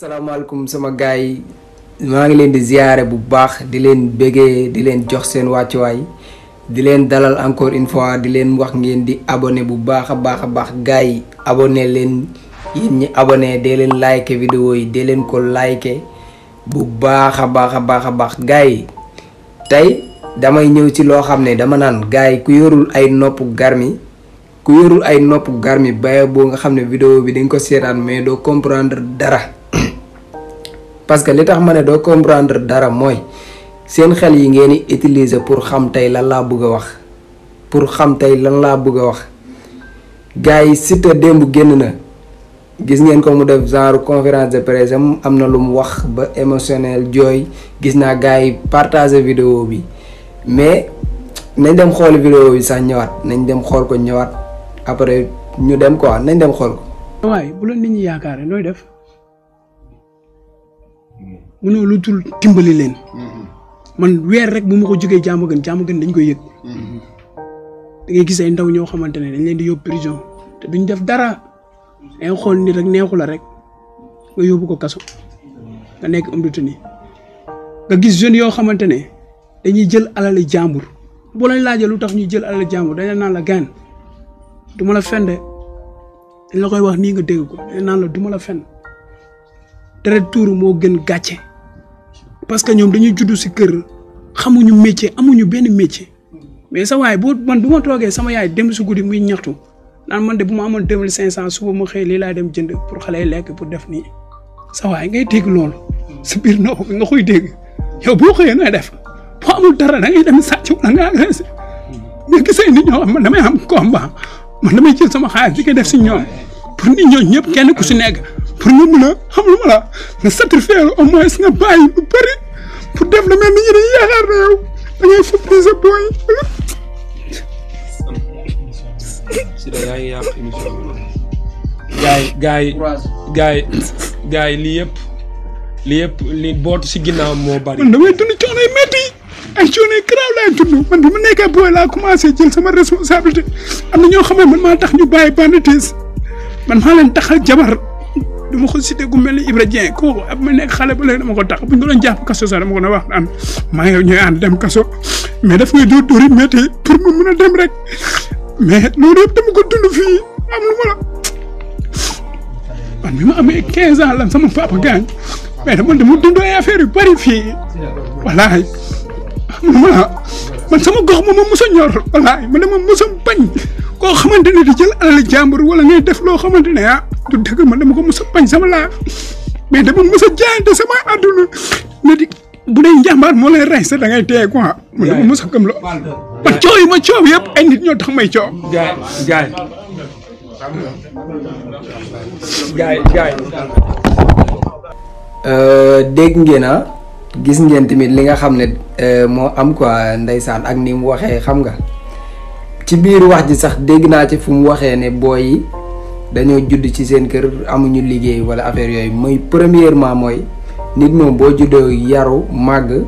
salaamaaleykum sama gars yi maa ngi leen di ziyaare bu baax di leen bëggee di leen jox seen wàccuwaay di leen dalal encore une fois di leen wax ngeen di abonné bu baax a baax a baax gars yi abonné leen ñi abonné dee leen like vidéo yi dee leen ko like bu baax a baax a baax a baax gars yi tey damay ñëw ci loo xam ne dama naan gars yi ku yorul ay nopp garmi ku yorul ay nopp garmi baye boo nga xam ne vidéo bi dañ ko seetaan mais doo comprendre dara parce que li tax ma ne doo comprendre dara mooy seen xel yi ngeen di utiliser pour xam tey lan laa bëgg wax pour xam tey lan laa bëgg a wax gars yi Siteu démb génn na gis ngeen ko mu def genre conférence de presse am na lu mu wax ba émotionnel jooy gis naa gars yi partager vidéo bi mais nañ dem xool vidéo bi sax ñëwaat nañ dem xool ko ñëwaat après ñu dem ko quoi nañ dem xool ko. waaye bu la nit ñi yaakaaree nooy def. mënoo lu dul dimbali leen. Mhm. man weer rek bu ma ko jógee jaamu gën jaamu gën dañ koy yëg. Mhm. da ngay gis ay ndaw ñoo xamante ne dañ leen di yóbbu prison te duñ def dara ay xool nii rek neexu la rek nga yóbbu ko kaso nekk homme de gis jeunes yoo xamante ne dañuy jël alale jàmbur boo lañ laajee lu tax ñuy jël alali jàmbur dañ la naan la gaan duma la fende dañ la koy wax nii nga dégg ko dañ naan la du ma la fen deret tuuru moo gën gàcce. parce que ñoom dañuy juddu si kër xamuñu métier amuñu benn métier mais sa waay boo man bu ma toogee sama yaay dem si guddi muy ñaxtu naan man de bu ma amoon deux mille cinq cent suba ma xëy lii laa dem jënd pour xale lekk pour def nii sa ngay dégg loolu si biir noo nga koy dégg yow def boo amul dara da ngay dem sàcc wala nga agressé nga gisee nit ñoo man damay am combat man damay jël sama xaalis di def si ñoom pour nit ñoo ñëpp kenn ku si nekk pour nga mën a xam lu ma la nga satisfaire nga bàyyi lu bëri pour def la mel ni ñu dañuy yaakaar yow da ngay fëppale sa booy. Sida yaa ngi yàq émission bi. gars yi gars yi yëpp lii yëpp li bootu si ginnaaw moo bari. man damay dund coono yu métti ay coono yu laay dund man bi ma nekkee booy laa commencé jël sama responsabilité am na ñoo xam ne man maa tax ñu bàyyi banditisme man maa leen tax jabar. du ma ko cité gu mel ni Ibra Dieng kooku ab ma nekk xale ba leen dama ko tax buñ doon japp kasso sa dama ko na wax am ma ngi ñuy and dem kasso mais daf ngay do dóor yi métti pour mu mun a dem rek mais loolu yëpp dama ko dund fi am lu wala la man bi ma 15 ans lan sama papa gañ mais dama dama dund ay affaire yu bari fi walaay wala man sama gox mo mo musa ñor walaay man dama musa bañ ko xamanteni di jël ala jàmbur wala ngay def lo xamanteni ah du dëgg man dama ko mos a bañ sama laa mais dama mos a jaayante sama àdduna ne di bu dee njàmbaar moo lay rey sax da ngay téye quoi. mu dama mos a gëm lo ba coow yi ma coow yëpp ay nit ñoo tax may coow. gaay gaay gaay gaay dégg ngeen ah gis ngeen tamit li nga xam ne ờ, moo am quoi ndeysaan ak ni mu waxee xam nga ci biir wax ji sax dégg naa ci fu mu waxee ne boy yi dañoo judd ci seen kër amuñu liggéey wala affaire yooyu mooy premièrement mooy nit moom boo juddoo yaru màgg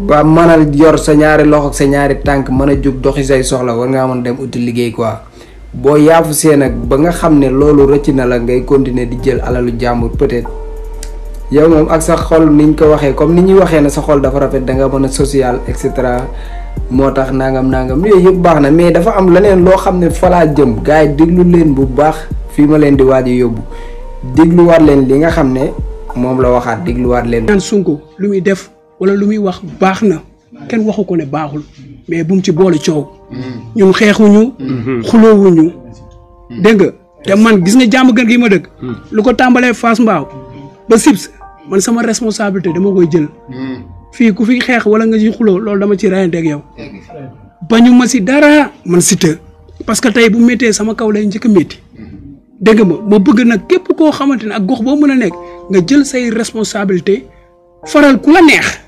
ba mënal a yor sa ñaari loxo sa ñaari tànk mën a jóg doxi say soxla war ngaa mën dem uti liggéey quoi boo yaafu seen ak ba nga xam ne loolu rëcc na la ngay continuer di jël alalu jàmbur peut yow moom ak sa xol ñu ko waxee comme ni ñuy waxee ne sa xol dafa rafet da mën a social et cetera moo tax nangam nangam yooyu baax na mais dafa am leneen loo xam ne falaa jëm gars yi déglu leen bu baax fii ma leen di waaj a yóbbu dégluwaat leen li nga xam ne moom la waxaat dégluwaat leen. naan Sonko lu muy def wala lu muy wax baax na kenn waxu ko ne baaxul mais bu mu ci boole coow. ñun xeexuñu. Mm-hmm. xuloowuñu. Mm-hmm. dégg te man gis nga jàmm gën gi ma dëkk. Mm-hmm. lu ko tàmbalee fas Mbao ba Sibs man sama responsabilité dama koy jël. fii ku fi xeex wala nga ci xuloo loolu dama ci rayanteeg ba ñu ma si dara man Siteu parce que tey bu méttee sama kaw lay njëkk a métti dégg ma ma bëgg nag képp koo xamante ne ak gox boo mën a nekk nga jël say responsabilité faral ku la neex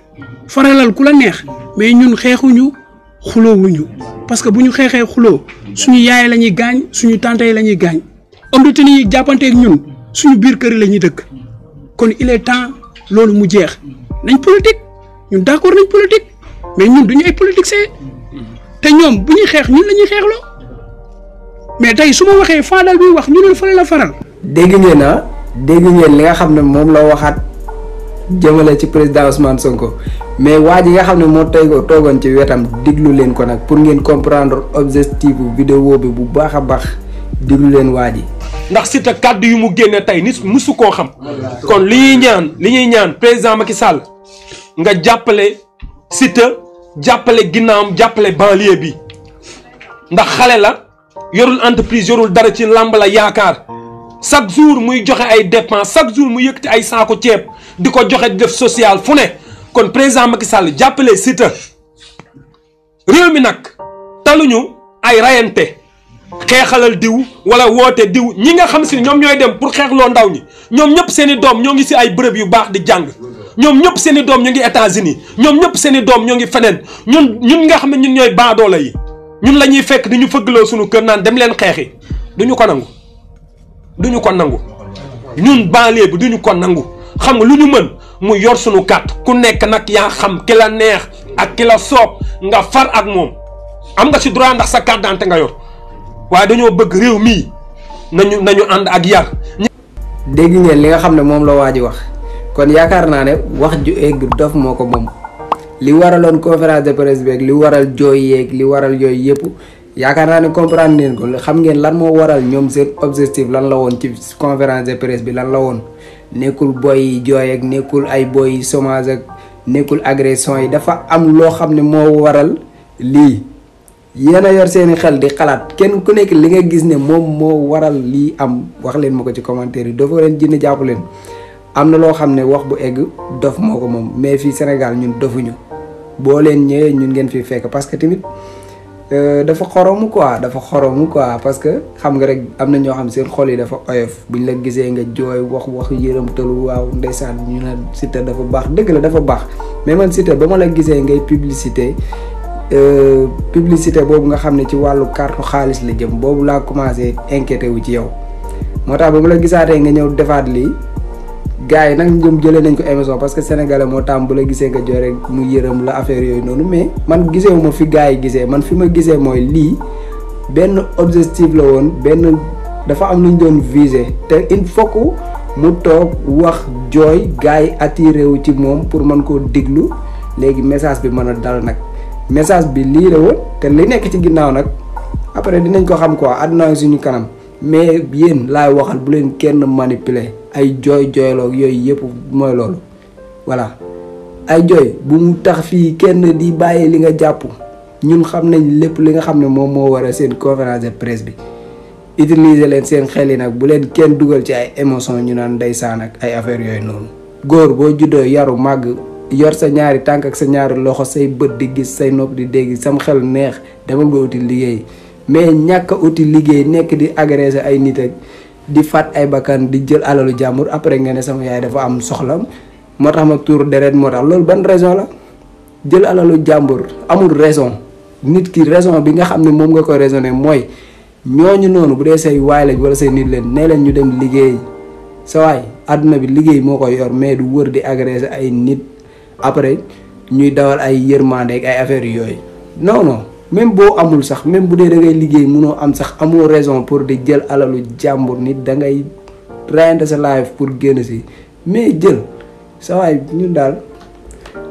faralal ku la neex mais ñun xeexuñu xuloowuñu parce que bu ñu xeexee xuloo suñu yaay la ñuy gaañ suñu tante yi la ñuy gaañ homme de tenue yi ñun suñu biir kër yi la ñuy dëkk kon il temps loolu mu jeex nañ politique ñun d'accord nañ politique mais ñun duñu ay politiciens te ñoom bu ñuy xeex ñun la ñuy xeexloo mais tey su ma waxee Fadal bi wax ñu ne fële la faral. dégg ngeen na ah, dégg ngeen li nga xam ne moom la waxaat jëmale ci président Ousmane ko mais waa ji nga xam ne moo teyoo toogoon ci wetam diglu leen ko nag pour ngeen comprendre objectif bu vidéo bi bu baax a baax diglu leen waa ji. ndax Siteu kàddu yu mu génne tey ni musu koo xam. kon li ñuy ñaan li ñuy ñaan président Macky Sall. nga jàppale Siteu jàppale ginnaawam jàppale banlieue bi ndax xale la yorul entreprise yorul dara ci làmb la yaakaar chaque jour muy joxe ay dépenses chaque jour mu yëkkati ay saako ceeb di ko joxe di def social fu ne kon président Macky Sall jàppale Siteu réew mi nag taluñu ay rayante xeexalal diw wala woote diw ñi nga xam si ñoom ñooy dem pour xeexloo ndaw ñi ñoom ñëpp seen i doom ñoo ngi si ay bërëb yu baax di jàng ñoom ñëpp seeni i doom ñu ngi États-Unis ñoom ñëpp seeni doom ñoo ngi feneen ñun ñun nga xam ne ñun ñooy baadoola yi ñun la ñuy fekk di ñu fëggloo suñu kër naan dem leen xeexi duñu ko nangu duñu ko nangu ñun banlieue bi duñu ko nangu xam nga lu ñu mën mu yor suñu carte ku nekk nag yaa xam ki la neex ak ki la soob nga far ak moom am nga ci droit ndax sa carte nga yor waaye dañoo bëgg réew mii nañu nañu ànd ak yar. dégg ngeen li nga xam ne moom la waa ji wax. kon yaakaar naa ne wax ju egg dof moo ko moom li waraloon conférence de presse beeg li waral jooy yeeg li waral yooyu yëpp yaakaar naa ne comprendre ngeen ko xam ngeen lan moo waral ñoom seen objectif lan la woon ci conférence de presse bi lan la woon nekkul boy yi jooy ak nekkul ay boy yi chômage ak nekkul agression yi dafa am loo xam ne moo waral lii yéen a yor seeni xel di xalaat kenn ku nekk li nga gis ne moom moo waral lii am wax leen ma ko ci commentaire yi dafa leen jinne leen am na loo xam ne wax bu egg dof moo ko moom mais fii Sénégal ñun dofuñu boo leen ñëwee ñun ngeen fi fekk parce que tamit euh, dafa xoromu quoi dafa xoromu quoi parce que xam nga rek am na ñoo xam seen xol yi dafa oyof buñ la gisee nga jooy wax wax yërëmtalu waaw ndeysaan ñu ne Siteu dafa baax dëgg la dafa baax mais man Siteu ba ma gisee ngay publicité euh, publicité boobu nga xam ne ci wàllu carte xaalis la jëm boobu laa commencé inquiété wu ci yow moo tax ba ma la gisaatee nga ñëw defaat lii gars yi nag ñoom jëlee nañ ko émission parce que sénégalais moo taam bu la gisee nga joxe mu yërëm la affaire yooyu noonu mais man gisee ma fi gars yi gisee man fi ma gisee mooy lii benn objectif la woon benn dafa am lu ñu doon viser te il faut que mu toog wax jooy gars yi attiré wu ci moom pour mën koo déglu léegi message bi mën a dal nag message bi lii la woon te li nekk ci ginnaaw nag après dinañ ko xam quoi àdduna suñu kanam mais yéen laay waxal bu leen kenn manipuler. ay jooy jooyloog yooyu yëpp mooy loolu voilà ay jooy bu mu tax fii kenn di bàyyi li nga jàpp ñun xam nañ lépp li nga xam ne moom moo war a seen conférence de presse bi utiliser leen seen xel yi nag bu leen kenn dugal ci ay émotion ñu naan saan ak ay affaire yooyu noonu góor boo juddoo yaru màgg yor sa ñaari tànk ak sa ñaari loxo say bët di gis say nopp di dégg sam xel neex demal nga uti liggéey mais ñàkk uti liggéey nekk di agresser ay nit ak di faat ay bakkan di jël alalu jàmbur après nga ne sama yaay dafa am soxla moo tax ma tuur deret moo tax loolu ban raison la jël alalu jàmbur amul raison nit ki raison bi nga xam ne moom nga ko raisonné mooy ñooñu noonu bu dee say waay lañ wala say nit leen nee leen ñu dem liggéey sa waay àdduna bi liggéey moo koy yor mais du wër di agressé ay nit après ñuy dawal ay yërmande ak ay affaires yooyu non même boo amul sax même bu dee da ngay liggéey munoo am sax amoo raison pour di jël alalu jàmbur nit da ngay reyante sa life pour génn si mais jël sa waay ñun daal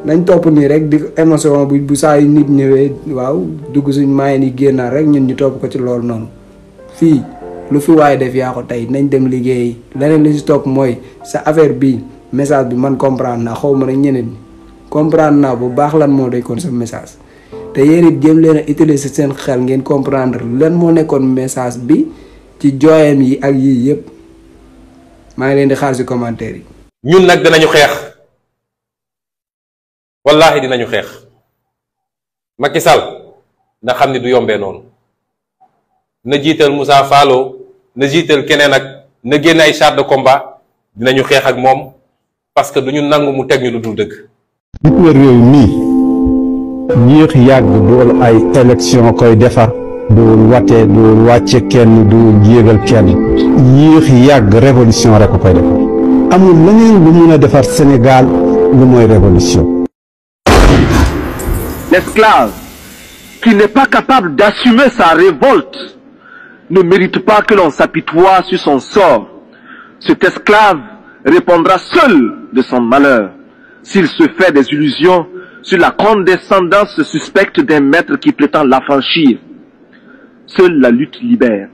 nañ topp nii rek di émotion bu bu saa yi nit ñëwee waaw dugg suñ maayen ni génnaat rek ñun ñu topp ko ci loolu noonu fii lu fi waaye def yaa ko tey nañ dem liggéey leneen li si topp mooy sa affaire bi message bi man comprendre naa xaw ma nag ñeneen comprendre naa bu baax lan moo day kon sa message te yéen it jéem leen a utiliser seen xel ngeen comprendre lan moo nekkoon message bi ci jooyam yi ak yii yëpp maa ngi leen di xaar si commentaire yi. ñun nag dinañu xeex wallaahi dinañu xeex makisal Sall na xam ni du yombee noonu na jiital Moussa Fallo na jiital keneen ak na génn ay chars de combat dinañu xeex ak moom parce que du nangu mu teg ñu dëkk dul dëgg. réew mi. yéex yàgg duwul ay élection koy defar duwul watee duwul wàcce kenn duwul yéegal kenn yéex yàgg révolution rek koy defar amul leneen lu mun a defar Sénégal lu mooy révolution l'esclave qui n'est pas capable d'assumer sa révolte ne mérite pas que l'on s'apitoie sur son sort. Cet esclave répondra seul de son malheur s'il se fait des illusions sur la condescendance suspecte d'un maître qui prétend l'affranchir. Seule la lutte libère.